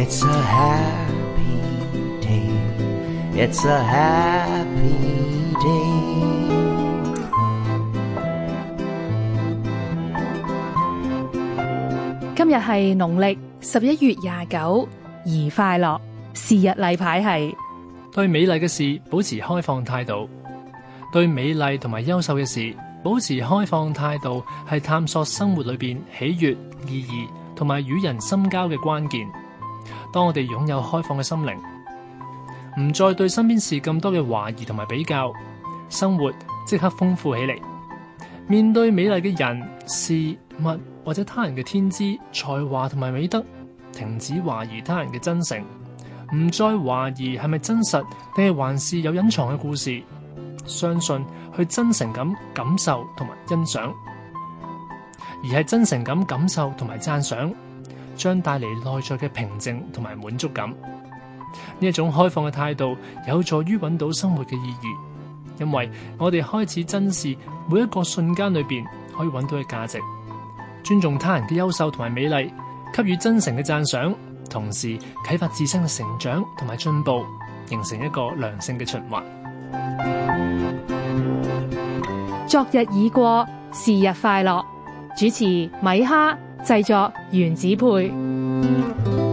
It's a happy day, it's a happy day 今日係農曆十一月廿九，宜快樂。是日例牌係：對美麗嘅事，保持開放態度，對美麗同埋優秀嘅事保持開放態度，係探索生活裏邊喜悅意義，同埋與人深交嘅關鍵，當我哋擁有開放嘅心靈，唔再對身邊事咁多嘅懷疑同埋比較，生活即刻豐富起嚟。面對美麗嘅人事物或者他人嘅天資、才華同埋美德，停止懷疑他人嘅真誠，唔再懷疑係咪真實定係還是有隱藏嘅故事，相信去真誠咁感受同埋欣賞。而係真誠咁感受同埋讚賞，將帶嚟內在嘅平靜同埋滿足感。呢一種開放嘅態度，有助於搵到生活嘅意義。因為我哋開始珍視每一個瞬間裏邊可以搵到嘅價值，尊重他人嘅優秀同埋美麗，給予真誠嘅讚賞，同時啟發自身嘅成長同埋進步，形成一個良性嘅循環。昨日已過，是日快樂。主持米哈，製作原子配。